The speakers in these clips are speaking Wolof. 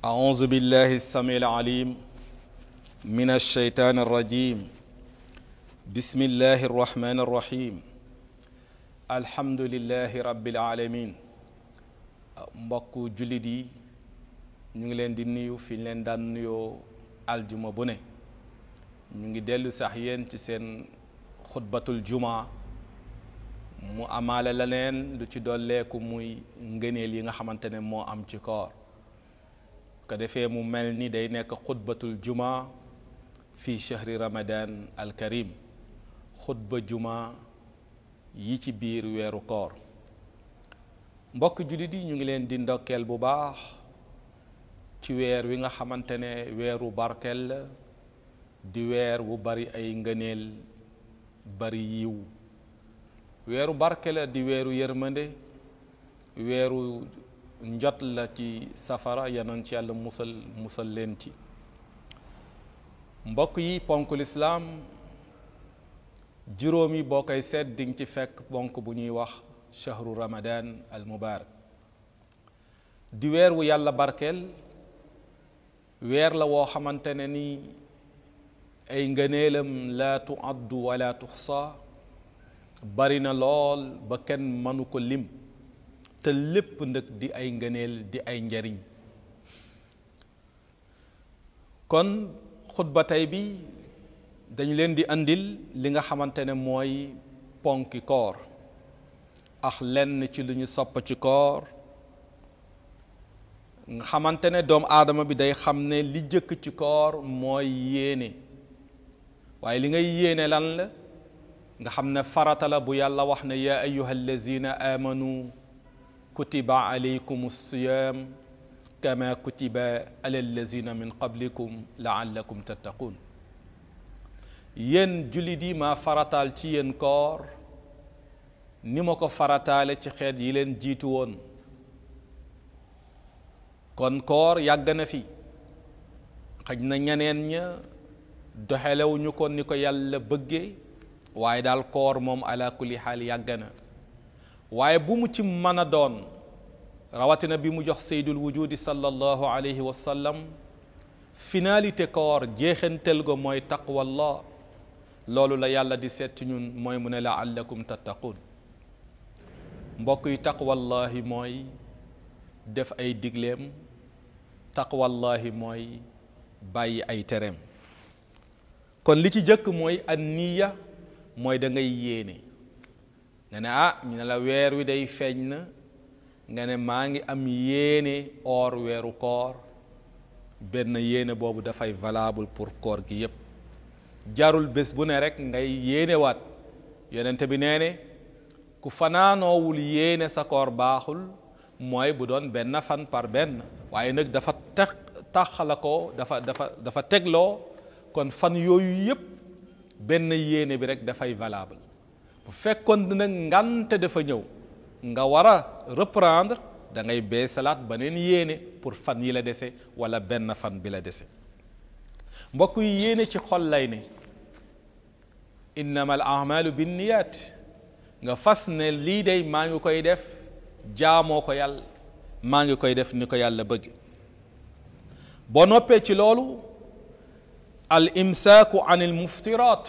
أعوذ بالله السميع العليم من الشيطان الرجيم بسم الله الرحمن الرحيم الحمد لله رب العالمين مباكو جلدي نيغلين دي نيو في لين دان نيو الجمعة بني نيغي ديلو ساحيين تي سين خطبة الجمعة مو أمال لنين لو تي دول ليكو موي نغني لي نغا خمانتاني مو أم تي كور ko defee mu mel ni day nekk xutbatul juma fi chahri ramadan al karim xutba juma yi ci biir weeru koor mbokk jullit yi ñu ngi leen di ndokkeel bu baax ci weer wi nga xamante ne weeru barkel di weer wu bari ay ngëneel bari yiw weeru barke di weeru yërmande weeru njot la ci safara yanoon ci yàlla musal musal leen ci mbokk yi ponk lislaam juróom yi boo ding ci fekk ponk bu ñuy wax shahru ramadan al mubarak di weer wu yàlla barkeel weer la woo xamante ni ay ngëneelam laa tuaddu wala tuxsa bari na lool ba kenn mënu lim te lépp nag di ay ngëneel di ay njariñ kon xutba tey bi dañu leen di indil li nga xamante ne mooy ponki koor ax lenn ci lu ñu sopp ci koor nga xamante ne doom aadama bi day xam ne li jëkk ci koor mooy yéene waaye li ngay yéene lan la nga xam ne farata bu yàlla wax ne yaa ayyuha allazina amanu كتب عليكم الصيام كما كتب على الذين من قبلكم لعلكم تتقون ين جلدي ما فرطال تي ينكور نمكو فرطال تي خير يلين جيتوون كون كور يغنى في خجنا نينين ني دوحلو نيكو نيكو يال بغي واي كور موم على كل حال يغنى waaye bu mu ci mën a doon rawatina bi mu jox saydul wujudi sallallahu alayhi wa sallam finalité koor jeexantel go mooy allah loolu la yàlla di seet ñun mooy mu ne la laallakum tattaqun mbokk yi taqwa allah mooy def ay digleem allah mooy bàyyi ay tereem kon li ci jëkk mooy an niya mooy da ngay yéene nga ne ah ñu ne la weer wi day feeñ na nga ne maa ngi am yéene or weeru koor benn yéene boobu dafay valable pour koor gi yépp jarul bés bu ne rek ngay yéene waat yonente bi nee ne ku fanaanoowul yéene sa koor baaxul mooy bu doon benn fan par benn waaye nag dafa tax taxala ko dafa dafa dafa tegloo kon fan yooyu yépp benn yéene bi rek dafay valable bu fekkoon dina ngante dafa ñëw nga war a reprendre da ngay beesalaat beneen yéene pour fan yi la dese wala benn fan bi la dese mbokk yi yéene ci xol lay ne innama al amalu binniyaat nga fas ne lii day maa ngi koy def jaamoo ko yàlla maa ngi koy def ni ko yàlla bëgg boo noppee ci loolu al imsaaku an al muftirat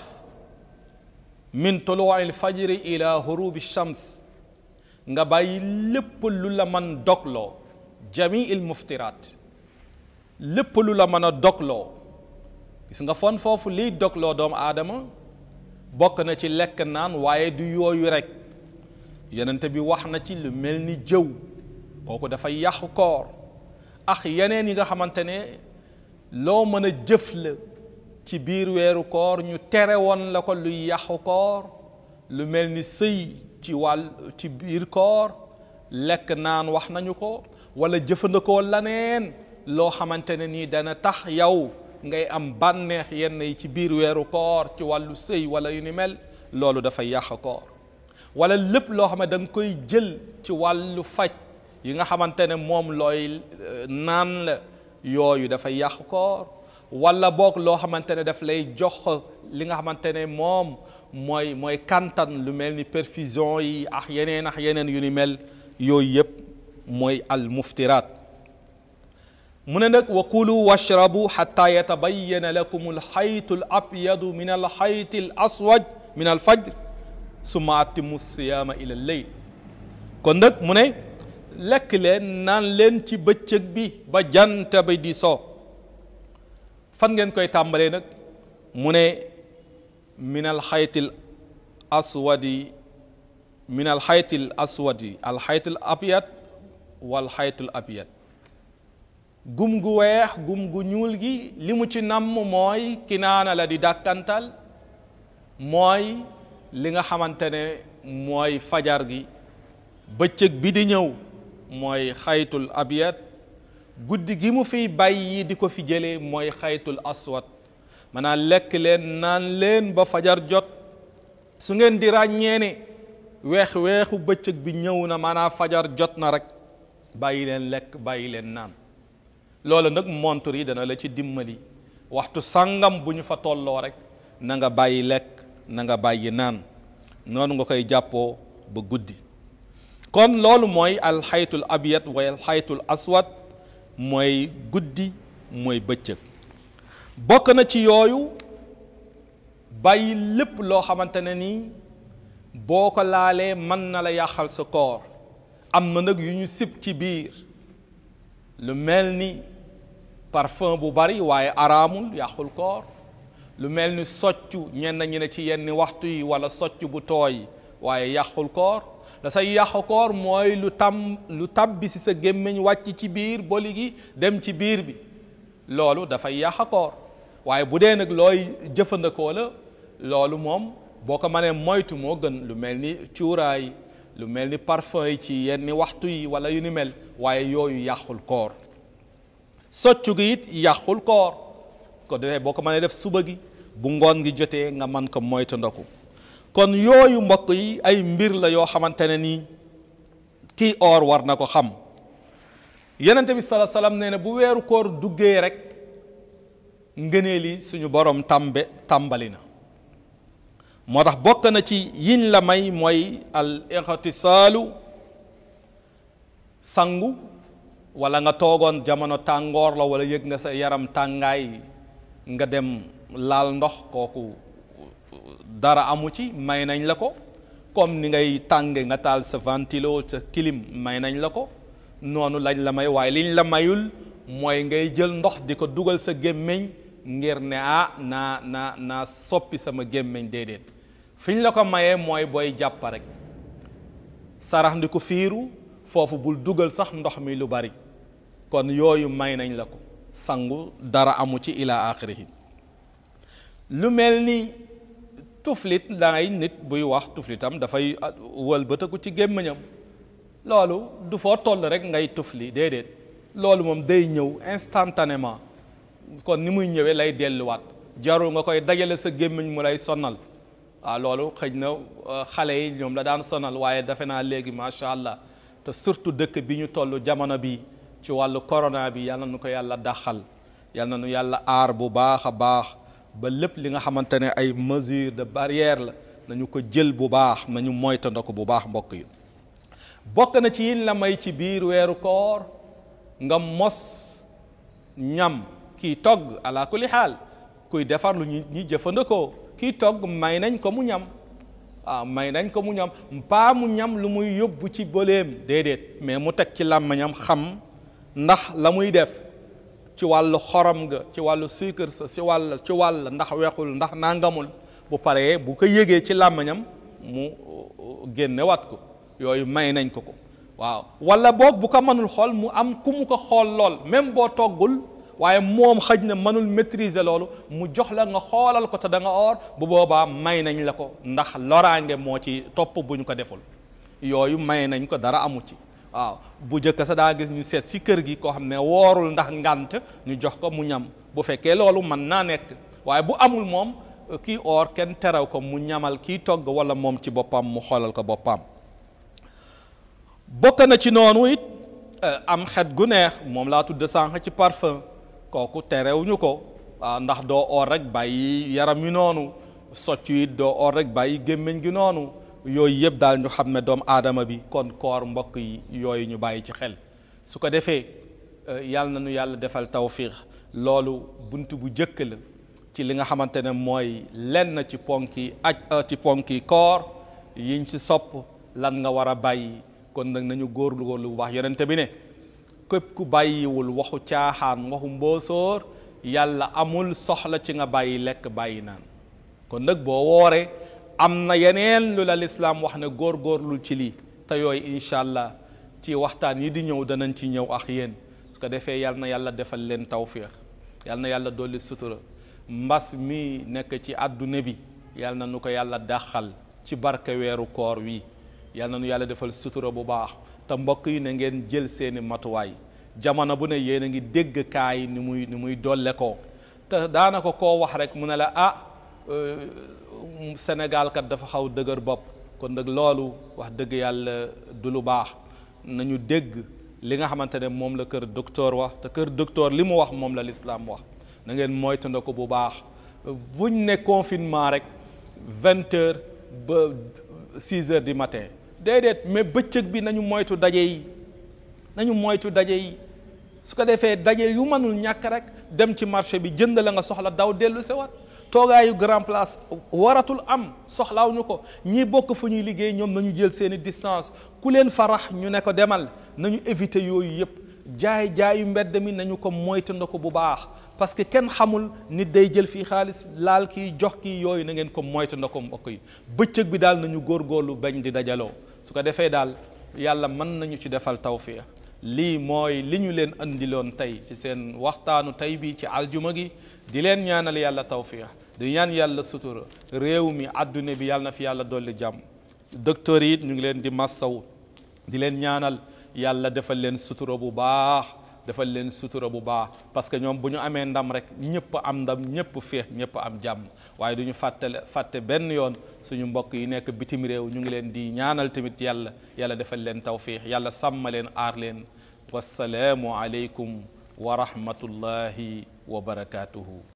min tuluwa alfajiri ila hurubi shams nga bàyyi lépp lu la man dogloo jami il muftiraat lépp lu la mën a dogloo gis nga fon foofu liy dogloo doomu aadama bokk na ci lekk naan waaye du yooyu rek yenente bi wax na ci lu mel ni jëw kooku dafay yàqu koor ak yeneen yi nga xamante ne loo mën a jëf la ci biir weeru koor ñu tere woon la ko luy yàqu koor lu mel ni sëy ci wàll ci biir koor lekk naan wax nañu ko wala jëfandikoo laneen loo xamante ne nii dana tax yow ngay am bànneex yenn yi ci biir weeru koor ci wàllu sëy wala yu ni mel loolu dafa yàq koor walla lépp loo xam ne da koy jël ci wàllu faj yi nga xamante ne moom looy euh, naan yooyu dafa yàq koor wala bok lo xamantene daf lay jox li nga xamantene mom moy moy kantan lu melni perfusion yi ah yenen ah yenen yu ni mel yoy yep moy al muftirat mune nak wa kulu washrabu hatta yatabayyana lakum al hayt al abyad min al hayt al aswad min al fajr summa atimu siyam ila al layl kon nak mune lek len nan len ci bëccëg bi ba jant bay di so fan ngeen koy tàmbalee nag mu ne min alxaytil aswadi min alxaytil aswadi alxaytil abyad gum gu weex gum gu ñuul gi li mu ci namm mooy kinaana la di dàkkantal mooy li nga xamante ne mooy fajar gi bëccëg bi di ñëw mooy xaytul abyad guddi gi mu fi bàyyi di ko fi jële mooy xaytul aswat mana lekk leen naan leen ba fajar jot su ngeen di ràññee ne weex weexu bëccëg bi ñëw na fajar jot na rek bàyyi leen lekk bàyyi leen naan loolu nag montre yi dana la ci dimbali waxtu sàngam bu ñu fa tolloo rek na nga bàyyi lekk na nga bàyyi naan noonu nga koy jàppoo ba guddi kon loolu mooy alxaytul abiyat wa alxaytul aswad mooy guddi mooy bëccëg bokk na ci yooyu bàyyil lépp loo xamante ne nii boo ko laalee mën na la yàqal sa koor am na nag yu ñu sib ci biir lu mel ni parfum bu bari waaye araamul yàqul koor lu mel ni soccu ñenn ñi ne ci yenn waxtu yi walla soccu bu tooy waaye yàqul koor la say yàqu koor mooy lu tam lu tabbi si sa gémmiñ wàcc ci biir boli gi dem ci biir bi loolu dafay yàq koor waaye bu dee nag looy jëfandikoo la loolu moom boo ko mënee moytu moo gën lu mel ni cuuraay lu mel ni parfum yi ci yenni waxtu yi wala yu ni mel waaye yooyu yàqul koor soccu gi it yàqul koor ko defee boo ko mënee def suba gi bu ngoon gi jotee nga mën ko moytu ndoku kon yooyu mbokk yi ay mbir la yoo xamante ne nii kii oor war na ko xam yenente bi sala salaam nee na bu weeru koor duggee rek li suñu borom tàmbe tàmbali na moo tax bokk na ci yiñ la may mooy al ixtisaalu sangu wala nga toogoon jamono tàngoor la wala yëg nga sa yaram tàngaay nga dem laal ndox kooku dara amu ci may nañ la ko comme ni ngay tànge nga taal sa ventilo sa clim may nañ la ko noonu lañ la may waaye liñ la mayul mooy ngay jël ndox di ko dugal sa gémmiñ ngir ne ah na naa soppi sama gémmiñ déedéet fi ñu la ko mayee mooy booy jàpp rek sarax ko fiiru foofu bul dugal sax ndox mi lu bari kon yooyu may nañ la ko sangu dara amu ci ila axirihi lu mel ni tuflit dangay nit buy wax tuflitam dafay ah, wëlbataku ci gémmiñam loolu du foo toll rek ngay tufli déedéet loolu moom day ñëw instantanément kon ni muy ñëwee lay delluwaat jarul nga koy dajale sa gémmiñ mu lay sonal waaw ah, loolu xëj na euh, xale yi ñoom la daan sonal waaye defe naa léegi macha allah te surtout dëkk bi ñu toll jamono bi ci wàllu corona bi yal na nu ko yàlla daxal yal na nu yàlla aar bu baax a baax ba lépp li nga xamante ne ay mesures de barrière la nañu ko jël bu baax nañu moytandoo ko bu baax mbokk yi bokk na ci yin la may ci biir weeru koor nga mos ñam kiy togg ala xaal kuy defar lu ñuy jëfandikoo kiy togg may nañ ko mu ñam waaw ah, may nañ ko mu ñam mbaa ñam lu muy yóbbu ci bëleem déedéet mais mu teg ci làmmiñam xam ndax la muy def ci wàllu xorom nga ci wàllu suukar sa ci wàll ci wàll ndax weexul ndax nangamul bu paree bu ko yëgee ci làmmiñam mu uh, génne wat ko yooyu may nañ ko ko waaw wala boog bu ko mënul xool mu am ku mu ko xool lool même boo toggul waaye moom xëj na mënul maîtriser loolu mu jox la nga xoolal ko te da nga or bu boobaa may nañ la ko ndax loraange moo ci topp bu ñu ko deful yooyu may nañ ko dara amu ci waaw bu njëkk sa daa gis ñu seet ci kër gi koo xam ne woorul ndax ngànt ñu jox ko mu ñam bu fekkee loolu mën naa nekk waaye bu amul moom kii oor kenn terew ko mu ñamal kii togg walla moom ci boppam mu xoolal ko boppam bokk na ci noonu it eh, am xet gu neex moom laa tudd sànq ci parfum kooku terewuñu ko ah, ndax doo oor rek bàyyi yaram wi noonu socc it doo oor rek bàyyi gémmiñ gi noonu yooyu yëpp daal ñu xam ne doomu aadama bi kon koor mbokk yi yooyu ñu bàyyi ci xel su ko defee euh, yàlla na ñu yàlla defal tawfiix loolu bunt bu jëkk la ci li nga xamante ne mooy lenn ci ponk yi aj euh, ci ponk yi koor yiñ ci sopp lan nga war a bàyyi kon nag nañu góorgóorlu bu baax yonente bi ne képp ku bàyyiwul waxu caaxaan waxu mboosóor yàlla amul soxla ci nga bàyyi lekk bàyyi naan kon nag boo wooree am na yeneen lu la lislaam wax ne góorgóorlul ci li te yooyu incha allah ci waxtaan yi di ñëw danañ ci ñëw ax yéen su ko defee yal na yàlla defal leen tawfiix yal na yàlla dolli sutura mbas mi nekk ci àdduna bi yal na nu ko yàlla dàqal ci barke weeru koor wi yal na nu yàlla defal sutura bu baax te mbokk yi na ngeen jël seeni matuwaay jamono bu ne yéen a ngi dégg kaay ni muy ni muy dolle ko te daanaka koo wax rek mu ne la ah Euh, um Sénégal kat dafa xaw dëgër bopp kon nag loolu wax dëgg yàlla du lu baax nañu dégg li nga xamante ne moom la kër docteur wax te kër docteur li mu wax moom la lislaam wax na ngeen na ko bu baax buñ ne confinement rek vingt ba six heures du matin déedéet mais bëccëg bi nañu moytu daje yi nañu moytu daje yi su ko defee daje yu mënul ñàkk rek dem ci marché bi jënd la nga soxla daw dellu wat toogaayu grand place waratul am soxlaawuñu ko ñii bokk fu ñuy liggéey ñoom nañu jël seeni distance ku leen farax ñu ne ko demal nañu éviter yooyu yëpp jaay jaayu mbedd mi nañu ko moytandoo ko bu baax parce que kenn xamul nit day jël fii xaalis laal kii jox kii yooyu na ngeen ko moytandoo ko mbokk yi bëccëg bi daal nañu góor góorlu bañ di dajaloo su ko defee daal yàlla mën nañu ci defal tawfiq lii mooy li ñu leen indiloon tey ci seen waxtaanu tey bii ci aljuma gi di len ñaanal yàlla tawfiq di ñaan yàlla sutura rew mi aduna bi yàlla na fi yàlla dolli jam docteur yi ñu ngi len di massaw di len ñaanal yàlla defal len sutura bu baax defal len sutura bu baax parce que ñom buñu amé ndam rek ñëpp am ndam ñëpp féex ñëpp am jam waye duñu ñu fàtte benn yoon suñu mbokk yi nekk bitim rew ñu ngi len di ñaanal tamit yàlla yàlla defal len tawfiq yàlla sammalen ar len leen wassalaamu wa rahmatullahi wa barakaatuhu